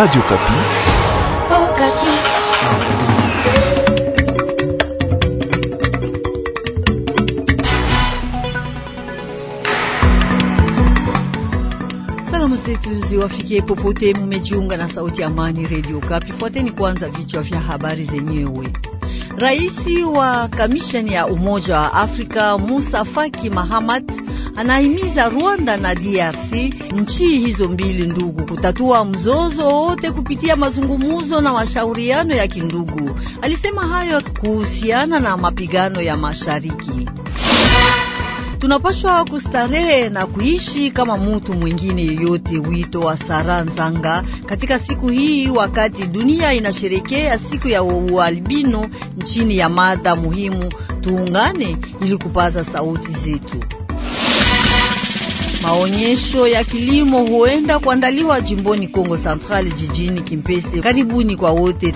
Radio Kapi. Oh, Kapi. Salamu zetu ziwafikie popote, mumejiunga na sauti ya amani Radio Kapi. Fuateni kwanza vichwa vya habari zenyewe. Raisi wa kamisheni ya Umoja wa Afrika Musa Faki Mahamat anahimiza Rwanda na DRC, nchi hizo mbili ndugu, kutatua mzozo wote kupitia mazungumzo na mashauriano ya kindugu. Alisema hayo kuhusiana na mapigano ya mashariki. Tunapashwa kustarehe na kuishi kama mutu mwingine yeyote. Wito wa Sara Nzanga katika siku hii, wakati dunia inasherekea siku ya ualbino nchini ya mada muhimu, tuungane ili kupaza sauti zetu. Maonyesho ya kilimo huenda kuandaliwa jimboni Kongo Central jijini Kimpese. Karibuni kwa wote.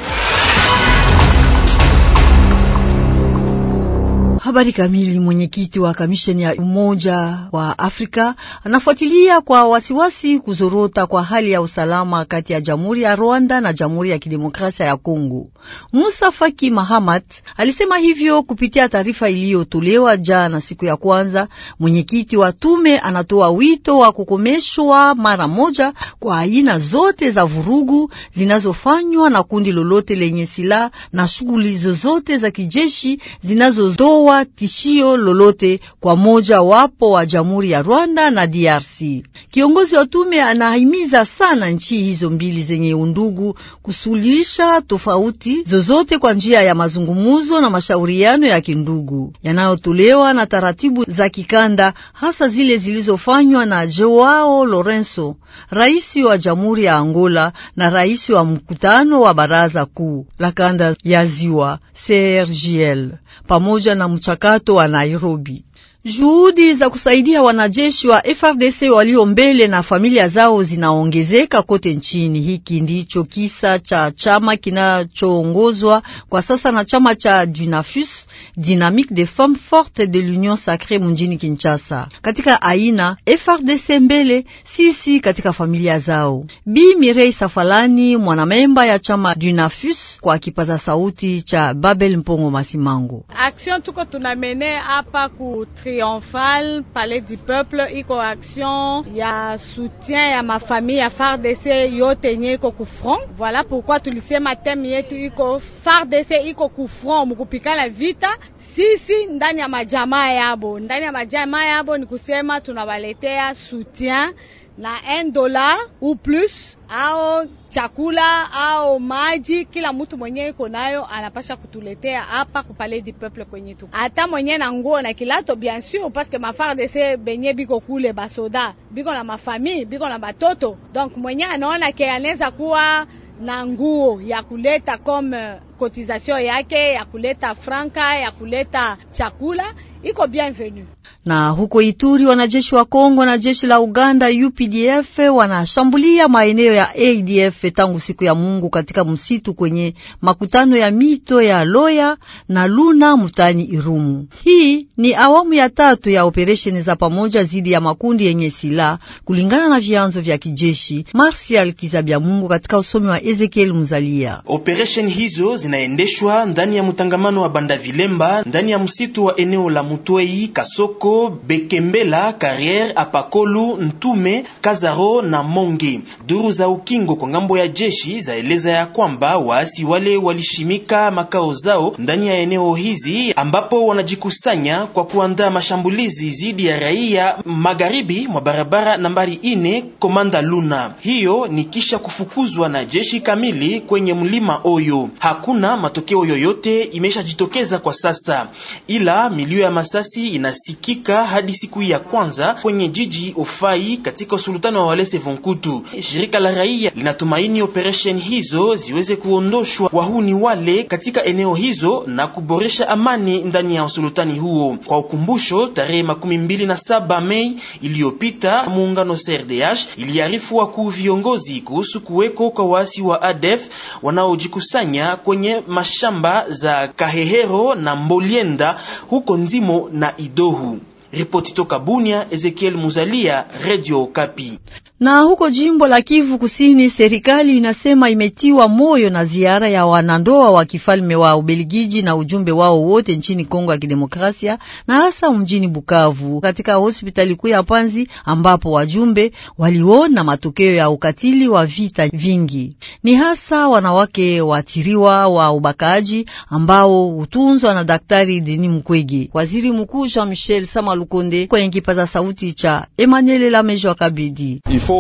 Habari kamili. Mwenyekiti wa kamisheni ya Umoja wa Afrika anafuatilia kwa wasiwasi kuzorota kwa hali ya usalama kati ya Jamhuri ya Rwanda na Jamhuri ya Kidemokrasia ya Kongo. Musa Faki Mahamat alisema hivyo kupitia taarifa iliyotolewa jana siku ya kwanza. Mwenyekiti wa tume anatoa wito wa kukomeshwa mara moja kwa aina zote za vurugu zinazofanywa na kundi lolote lenye silaha na shughuli zozote za kijeshi zinazotoa tishio lolote kwa moja wapo wa Jamhuri ya Rwanda na DRC. Kiongozi wa tume anahimiza sana nchi hizo mbili zenye undugu kusuluhisha tofauti zozote kwa njia ya mazungumzo na mashauriano ya kindugu yanayotolewa na taratibu za kikanda, hasa zile zilizofanywa na Joao Lorenzo, rais wa Jamhuri ya Angola na rais wa mkutano wa Baraza Kuu la Kanda ya Ziwa CRGL pamoja na mchakato wa Nairobi. Juhudi za kusaidia wanajeshi wa FRDC walio mbele na familia zao zinaongezeka kote nchini. Hiki ndicho kisa cha chama kinachoongozwa kwa sasa na chama cha Junafus dynamique des femmes fortes de l'Union Sacrée mjini Kinshasa. Katika aina FRDC mbele sisi katika familia zao. Bi Mirei Safalani, mwanamemba ya chama Dunafus, kwa kipaza sauti cha Babel Mpongo Masimango. Action tuko tunamene hapa ku Triomphal Palais du Peuple, iko action ya soutien ya mafamili ya FARDC yote yenye iko ku front. Voilà pourquoi tulisema theme yetu iko FARDC iko ku front mukupikana vita sisi ndani ya majamaa yabo, ndani ya majamaa yabo ni kusema tunawaletea soutien na un dollar ou plus ao chakula ao maji. Kila mtu mwenye iko nayo anapasha kutuletea hapa kupale di peuple kwenye tu, hata mwenyewe na nguo na kilato bien sûr, parce que mafardese benye biko kule basoda biko na mafamii biko na batoto, donc mwenye anaona ke anaweza kuwa na nguo ya kuleta comme euh, kotizasio yake ya kuleta franka ya kuleta chakula iko bienvenue. Na huko Ituri, wanajeshi wa Kongo na jeshi la Uganda UPDF wanashambulia maeneo ya ADF tangu siku ya Mungu katika msitu kwenye makutano ya mito ya Loya na Luna mtani Irumu. Hii ni awamu ya tatu ya operesheni za pamoja zidi ya makundi yenye silaha kulingana na vyanzo vya kijeshi. marsial Kizabya Mungu katika usomi wa Ezekiel Muzalia. Operesheni hizo zinaendeshwa ndani ya mtangamano wa Banda Vilemba ndani ya msitu wa eneo la Mutwei Kasoko Bekembela, Carriere, Apakolu, Ntume, Kazaro na Monge. Duru za ukingo kwa ngambo ya jeshi zaeleza ya kwamba waasi wale walishimika makao zao ndani ya eneo hizi ambapo wanajikusanya kwa kuandaa mashambulizi dhidi ya raia magharibi mwa barabara nambari ine Komanda Luna. Hiyo ni kisha kufukuzwa na jeshi kamili kwenye mlima Oyo. Hakuna matokeo yoyote imeshajitokeza kwa sasa, ila milio ya masasi inasikika kufika hadi siku ya kwanza kwenye jiji Ofai katika usultani wa Walese Vonkutu. Shirika la raia linatumaini operesheni hizo ziweze kuondoshwa wahuni wale katika eneo hizo na kuboresha amani ndani ya usultani huo. Kwa ukumbusho, tarehe makumi mbili na saba Mei iliyopita muungano CRDH iliarifu wakuu viongozi kuhusu kuweko kwa waasi wa ADF wanaojikusanya kwenye mashamba za Kahehero na Mbolienda huko Ndimo na Idohu. Ripoti toka Bunia, Ezekiel Muzalia, Radio Kapi. Na huko jimbo la Kivu Kusini, serikali inasema imetiwa moyo na ziara ya wanandoa wa kifalme wa Ubelgiji na ujumbe wao wote nchini Kongo ya Kidemokrasia na hasa mjini Bukavu katika hospitali kuu ya Panzi ambapo wajumbe waliona matokeo ya ukatili wa vita vingi. Ni hasa wanawake waathiriwa wa ubakaji ambao hutunzwa na Daktari Denis Mukwege. Waziri Mkuu Jean Michel samalukonde Lukonde kwenye kipaza sauti cha Emmanuel Lamejo Ifo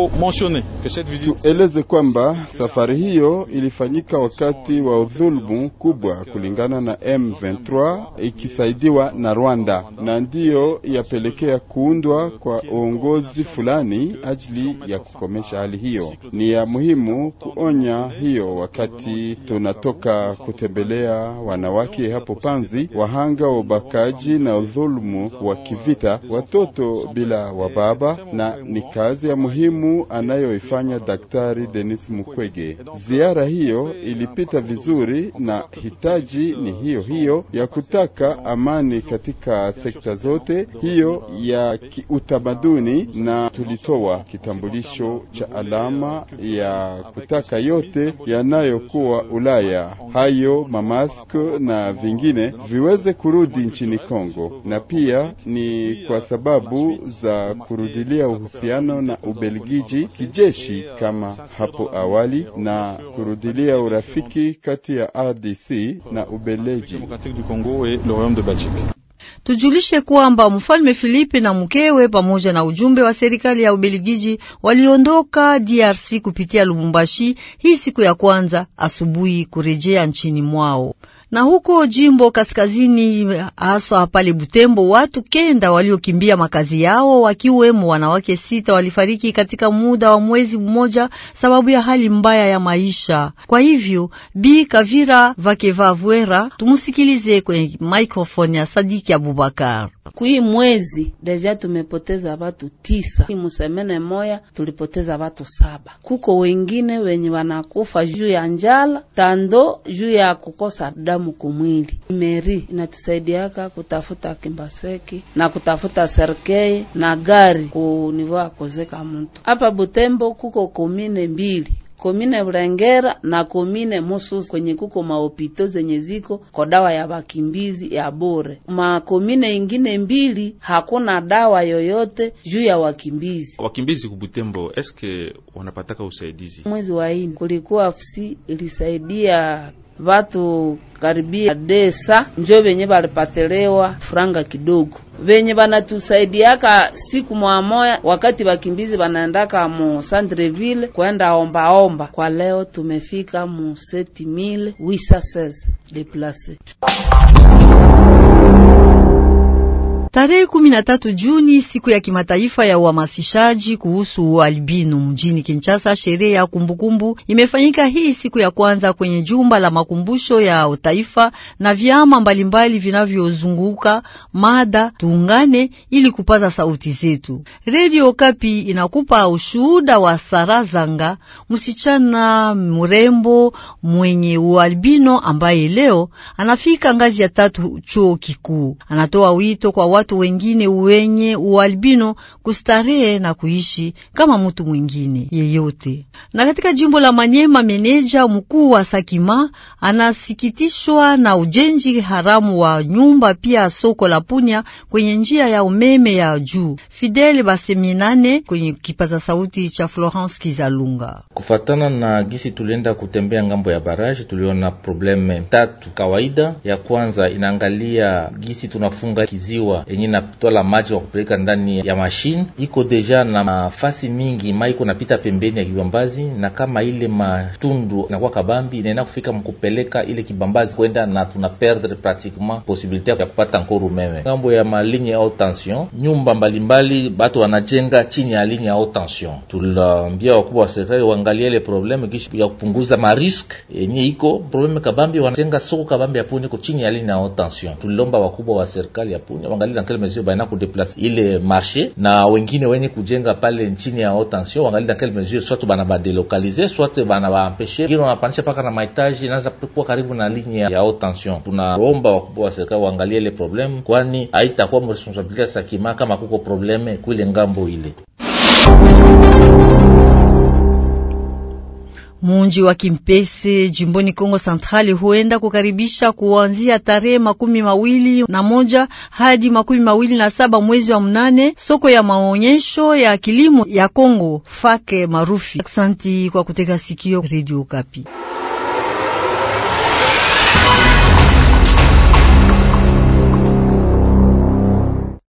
tueleze kwamba safari hiyo ilifanyika wakati wa udhulumu kubwa kulingana na M23 ikisaidiwa na Rwanda, na ndiyo yapelekea kuundwa kwa uongozi fulani ajili ya kukomesha hali hiyo. Ni ya muhimu kuonya hiyo wakati tunatoka kutembelea wanawake hapo Panzi, wahanga wa ubakaji na udhulumu wa kivita, watoto bila wababa, na ni kazi ya muhimu muhimu anayoifanya Daktari Denis Mukwege. Ziara hiyo ilipita vizuri, na hitaji ni hiyo hiyo ya kutaka amani katika sekta zote, hiyo ya kiutamaduni, na tulitoa kitambulisho cha alama ya kutaka yote yanayokuwa Ulaya, hayo mamask na vingine viweze kurudi nchini Kongo, na pia ni kwa sababu za kurudilia uhusiano na Ubelgiji kijiji kijeshi kama hapo awali na kurudilia urafiki kati ya RDC na Ubeleji. Tujulishe kwamba mfalme Filipe na mkewe pamoja na ujumbe wa serikali ya Ubelgiji waliondoka DRC kupitia Lubumbashi hii siku ya kwanza asubuhi kurejea nchini mwao na huko jimbo kaskazini haswa pale Butembo, watu kenda waliokimbia makazi yao wakiwemo wanawake sita walifariki katika muda wa mwezi mmoja sababu ya hali mbaya ya maisha. Kwa hivyo Bi Kavira Vakevavwera, tumusikilize kwenye microphone ya Sadiki Abubakar. Kui mwezi deja tumepoteza watu tisa, musemene moya tulipoteza watu saba, kuko wengine wenye wanakufa juu ya njala tando juu ya kukosa da damu kumwili. Meri inatusaidiaka kutafuta kimbaseki na kutafuta serkei na gari kunivyo akozeka mtu hapa Butembo. Kuko komine mbili komine Burengera na komine Mususu kwenye kuko maopito zenye ziko kwa dawa ya wakimbizi ya bure. Makomine ingine mbili hakuna dawa yoyote juu ya wakimbizi. Wakimbizi kubutembo eske wanapataka usaidizi? Mwezi wa ini kulikuwa afsi ilisaidia watu karibia desa njo venye balipatelewa franga kidogo venye banatusaidiaka siku mwamoya wakati bakimbizi banaendaka mu Centreville kwenda ombaomba. Kwa leo tumefika mu 7816 deplace Tarehe kumi na tatu Juni, siku ya kimataifa ya uhamasishaji kuhusu albino mjini Kinshasa, sherehe ya kumbukumbu imefanyika hii siku ya kwanza kwenye jumba la makumbusho ya taifa na vyama mbalimbali vinavyozunguka mada tuungane ili kupaza sauti zetu. Radio Kapi inakupa ushuhuda wa Sarazanga, msichana mrembo mwenye ualbino ambaye leo anafika ngazi ya tatu chuo kikuu. Anatoa wito kwa watu watu wengine wenye ualbino kustarehe na kuishi kama mtu mwingine yeyote. Na katika jimbo la Manyema, meneja mkuu wa Sakima anasikitishwa na ujenzi haramu wa nyumba pia soko la Punya kwenye njia ya umeme ya juu. Fidel Baseminane kwenye kipaza sauti cha Florence Kizalunga. Kufatana na gisi tulienda kutembea ngambo ya baraji, tuliona probleme tatu kawaida. Ya kwanza inaangalia gisi tunafunga kiziwa yenye inatwala maji wa kupeleka ndani ya mashine iko deja na mafasi mingi, mai iko napita pembeni ya kibambazi, na kama ile matundu inakuwa kabambi inaenda kufika mkupeleka ile kibambazi kwenda, na tuna perdre pratiquement possibilité ya kupata nkoru umeme ngambo ya maligne ya haute tension. Nyumba mbalimbali batu wanajenga chini ya ligne ya haute tension. Tuliambia wakubwa wa serikali waangalie ile probleme kisha ya kupunguza mariske yenye iko probleme kabambi, wanajenga soko kabambi ya puni iko chini ya ligne ya haute tension. Tulilomba wakubwa wa serikali ya puni waangalie dans mesure baina kudeplace ile marché na wengine wenye kujenga pale nchini ya haute tension, wangali dans quelle mesure soit bana badelokalize soit bana baempeshe kile wanapanisha paka na mahitaji inaanza kuwa karibu na linye ya haute tension. Tunaomba wakubwa wa serikali waangalie ile probleme, kwani haitakuwa mresponsabilite ya Sakima kama kuko probleme kwile ngambo ile Munji wa Kimpese jimboni Kongo santrali huenda kukaribisha kuanzia tarehe makumi mawili na moja hadi makumi mawili na saba mwezi wa mnane soko ya maonyesho ya kilimo ya Kongo fake marufi. Aksanti kwa kutega sikio Radio Kapi.